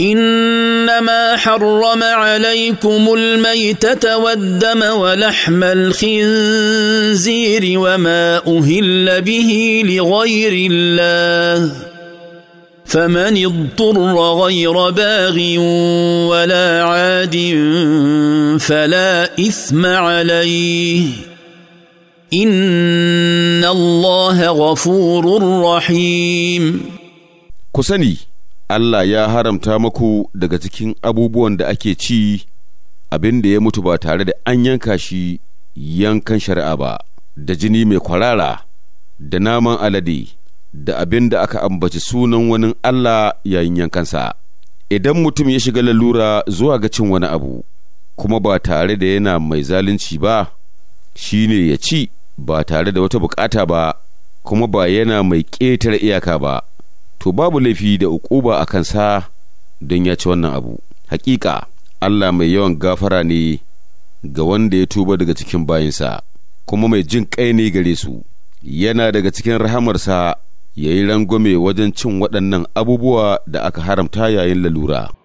انما حرم عليكم الميته والدم ولحم الخنزير وما اهل به لغير الله فمن اضطر غير باغ ولا عاد فلا اثم عليه ان الله غفور رحيم كسني Allah ya haramta maku daga cikin abubuwan da ake ci abin da ya mutu ba tare da an yanka shi yankan shari'a ba, da jini mai kwarara, da naman alade, da abin da aka ambaci sunan wani Allah yayin yankansa. Idan mutum ya shiga lalura zuwa ga cin wani abu, kuma ba tare da yana mai zalunci ba, shi ne ya ci ba tare da wata bukata ba, kuma ba yana mai ƙetare iyaka ba. to babu laifi da ukuba a kansa don ya ci wannan abu hakika Allah mai yawan gafara ne ga wanda ya tuba daga cikin bayinsa kuma mai jin kai ne gare su yana daga cikin rahamarsa ya yi rangwame wajen cin waɗannan abubuwa da aka haramta yayin lalura